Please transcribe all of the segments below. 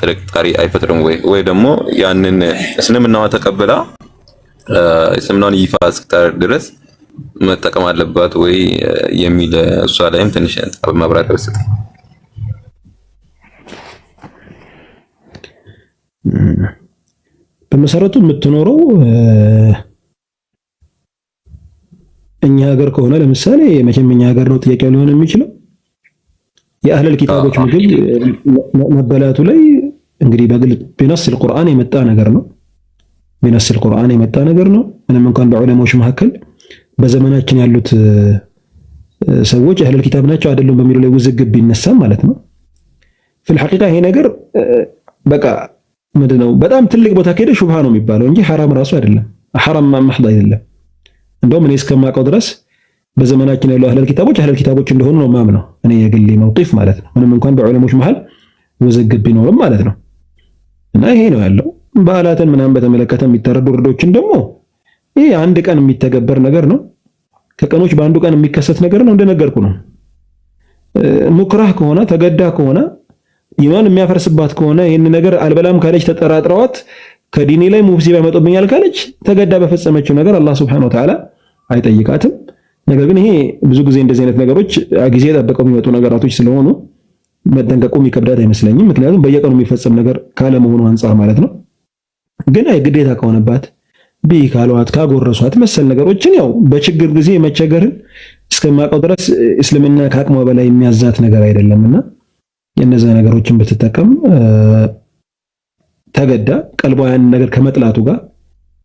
ጥርጣሬ አይፈጥርም ወይ? ወይ ደግሞ ያንን እስልምናዋ ተቀብላ እስልምናውን ይፋ እስክታደርግ ድረስ መጠቀም አለባት ወይ የሚል እሷ ላይም ትንሽ ማብራሪያ ወስጥ። በመሰረቱ የምትኖረው እኛ ሀገር ከሆነ ለምሳሌ መቼም እኛ ሀገር ነው ጥያቄ ሊሆን የሚችለው የአህለል ኪታቦች ምግብ መበላቱ ላይ እንግዲህ በግል ቢነስል ቁርአን የመጣ ነገር ነው። ቢነስል ቁርአን የመጣ ነገር ነው። ምንም እንኳን በዑለማዎች መካከል በዘመናችን ያሉት ሰዎች አህለል ኪታብ ናቸው አይደሉም በሚሉ ላይ ውዝግብ ቢነሳም ማለት ነው። ፊል ሐቂቃ ይሄ ነገር በቃ ምንድነው በጣም ትልቅ ቦታ ከሄደ ሹብሃ ነው የሚባለው እንጂ ሐራም ራሱ አይደለም። ሐራም ማህድ አይደለም። እንደውም እኔ እስከማውቀው ድረስ በዘመናችን ያሉ አህለል ኪታቦች አህለል ኪታቦች እንደሆኑ ነው ማምነው እኔ የግሌ መውቂፍ ማለት ነው። ምንም እንኳን በዑለሞች መሃል ውዝግብ ቢኖርም ማለት ነው። እና ይሄ ነው ያለው። በዓላትን ምናምን በተመለከተ የሚተረዱ ርዶችን ደግሞ ይሄ አንድ ቀን የሚተገበር ነገር ነው። ከቀኖች በአንዱ ቀን የሚከሰት ነገር ነው። እንደነገርኩ ነው። ሙክራህ ከሆነ ተገዳ ከሆነ ኢማን የሚያፈርስባት ከሆነ ይህን ነገር አልበላም ካለች ተጠራጥረዋት ከዲኔ ላይ ሙሲባ ያመጡብኛል ካለች ተገዳ በፈጸመችው ነገር አላህ ሱብሓነሁ ወተዓላ አይጠይቃትም። ነገር ግን ይሄ ብዙ ጊዜ እንደዚህ አይነት ነገሮች ጊዜ ጠብቀው የሚመጡ ነገራቶች ስለሆኑ መጠንቀቁ የሚከብዳት አይመስለኝም። ምክንያቱም በየቀኑ የሚፈጸም ነገር ካለመሆኑ አንጻር ማለት ነው። ግን ግዴታ ከሆነባት ቢ ካሏት ካጎረሷት መሰል ነገሮችን ያው በችግር ጊዜ መቸገርን እስከማውቀው ድረስ እስልምና ከአቅሟ በላይ የሚያዛት ነገር አይደለምና የነዛ ነገሮችን ብትጠቀም ተገዳ ቀልቧ ያን ነገር ከመጥላቱ ጋር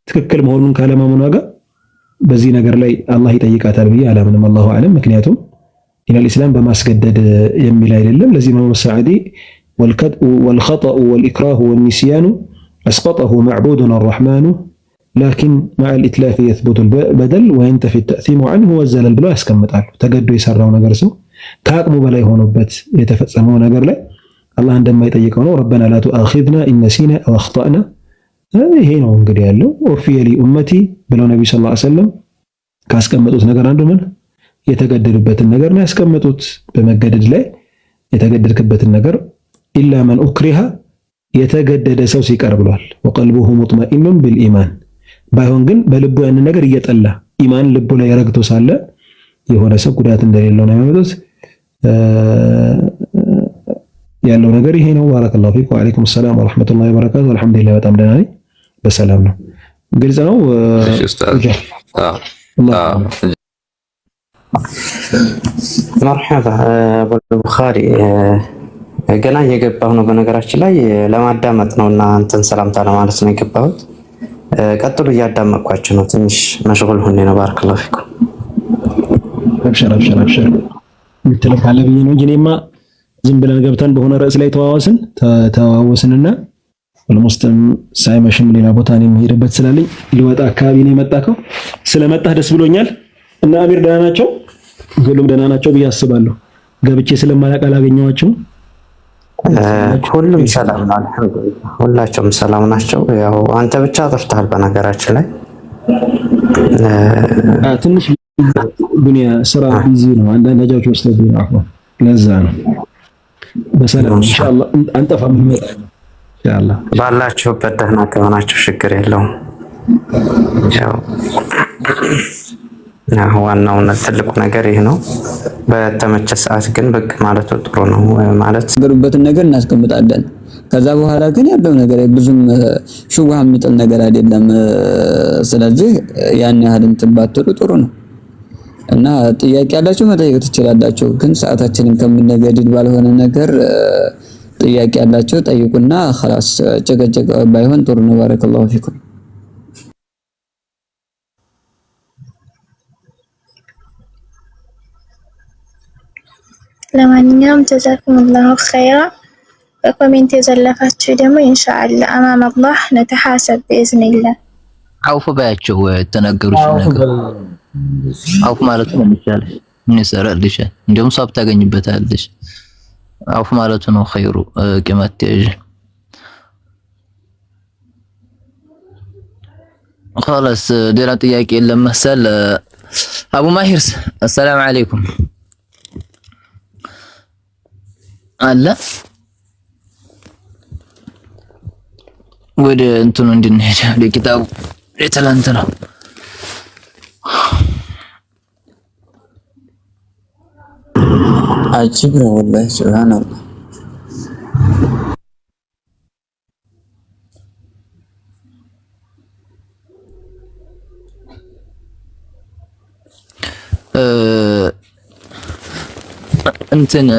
ትክክል መሆኑን ካለማመኗ ጋር በዚህ ነገር ላይ አላህ ይጠይቃታል ብዬ አላምንም። አላሁ አለም። ምክንያቱም ዲን አልኢስላም በማስገደድ የሚል አይደለም። ለዚህ ኢማም ሳዕዲ ወልኸጠኡ ወልኢክራሁ ወኒስያኑ አስቀጠሁ መዕቡዱን አራሕማኑ ላኪን ማዕ ልኢትላፊ የትቡቱ በደል ወየንተፊ ተእሲሙ አንሁ ወዘለል ብለው ያስቀምጣሉ። ተገዶ የሰራው ነገር ሰው ከአቅሙ በላይ ሆኖበት የተፈጸመው ነገር ላይ አላህ እንደማይጠይቀው ነው። ረበና ላ ቱአኺዝና ኢነሲና አው አኽጠእና። ይሄ ነው እንግዲህ ያለው ኡፍየ ሊ ኡመቲ ብለው ነቢዩ ሰለላሁ ዐለይሂ ወሰለም ካስቀመጡት ነገር አንዱ ምን የተገደዱበትን ነገር ነው ያስቀመጡት። በመገደድ ላይ የተገደድክበትን ነገር ኢላ መን ኡክሪሃ የተገደደ ሰው ሲቀር ብሏል። ወቀልቡሁ ሙጥመኢኑን ቢልኢማን ባይሆን ግን በልቡ ያንን ነገር እየጠላ ኢማን ልቡ ላይ ረግቶ ሳለ የሆነ ሰው ጉዳት እንደሌለው ነው የሚመጡት ያለው ነገር ይሄ ነው። ባረከላሁ ፊኩም ወዐለይኩም ሰላም ወረሕመቱላሂ ወበረካቱ። አልሐምዱሊላህ በጣም ደህና ነኝ፣ በሰላም ነው። ግልጽ ነው። መርሓባ ቡኻሪ ገና እየገባሁ ነው። በነገራችን ላይ ለማዳመጥ ነው እና አንተን ሰላምታ ለማለት ነው የገባሁት። ቀጥሉ፣ እያዳመጥኳቸው ነው። ትንሽ መሽጉል ሁኔ ነው። ባረከላሁ ፊኩም። አብሽር አብሽር አብሽር የምትለው ካለ ብዬ ነው እንጂ እኔማ ዝም ብለን ገብተን በሆነ ርዕስ ላይ ተዋወስን ተዋወስንና ኦልሞስትም ሳይመሽም ሌላ ቦታ ነው የሚሄድበት ስላለኝ ሊወጣ አካባቢ ነው የመጣከው። ስለመጣህ ደስ ብሎኛል። እና አሚር ደህና ናቸው? ሁሉም ደህና ናቸው ብዬ አስባለሁ። ገብቼ ስለማላውቅ አላገኘኋቸውም። ሁሉም ሰላም ነው፣ አልሐምዱሊላህ ሁላቸውም ሰላም ናቸው። ያው አንተ ብቻ ጠፍተሃል። በነገራችን ላይ ትንሽ ዱንያ ስራ ቢዚ ነው፣ አንዳንድ ነጃዎች መስሎብኝ ነው። ለዛ ነው። በሰላም ኢንሻአላህ አንጠፋም። ባላችሁበት ደህና ከሆናችሁ ችግር የለውም። ዋናው ትልቁ ነገር ይህ ነው። በተመቸ ሰዓት ግን ብቅ ማለቱ ጥሩ ነው። ማለት ገሩበትን ነገር እናስቀምጣለን። ከዛ በኋላ ግን ያለው ነገር ብዙም ሽዋህ የሚጥል ነገር አይደለም። ስለዚህ ያን ያህል እንትን ባትሉ ጥሩ ነው እና ጥያቄ ያላችሁ መጠየቅ ትችላላችሁ። ግን ሰዓታችንን ከምነገድድ ባልሆነ ነገር ጥያቄ ያላችሁ ጠይቁና خلاص ጭቅጭቅ ባይሆን ጥሩ ነው። ባረከላሁ ፊኩም። ለማንኛውም ጀዛኩሙላሁ ኸይራ። በኮሜንት የዘለፋችሁ ደግሞ ኢንሻአላ አማም አላህ ነተሐሰብ በእዝኒላህ። አውፍ ባያቸው ተነገሩሽ ነገር አውፍ ማለት ምን ይቻላል? ምን ይሰራልሽ? እንደውም ሷብ ታገኝበታለሽ። عفو مالتون وخيرو آه، كما تيجي خلاص آه، دير طياك الا مسال آه، ابو ماهر السلام عليكم الا ود انتو ندير نهدا لكتاب لتلانتنا አጅብ ነው ወላሂ ሱብሃንአላህ። እንትን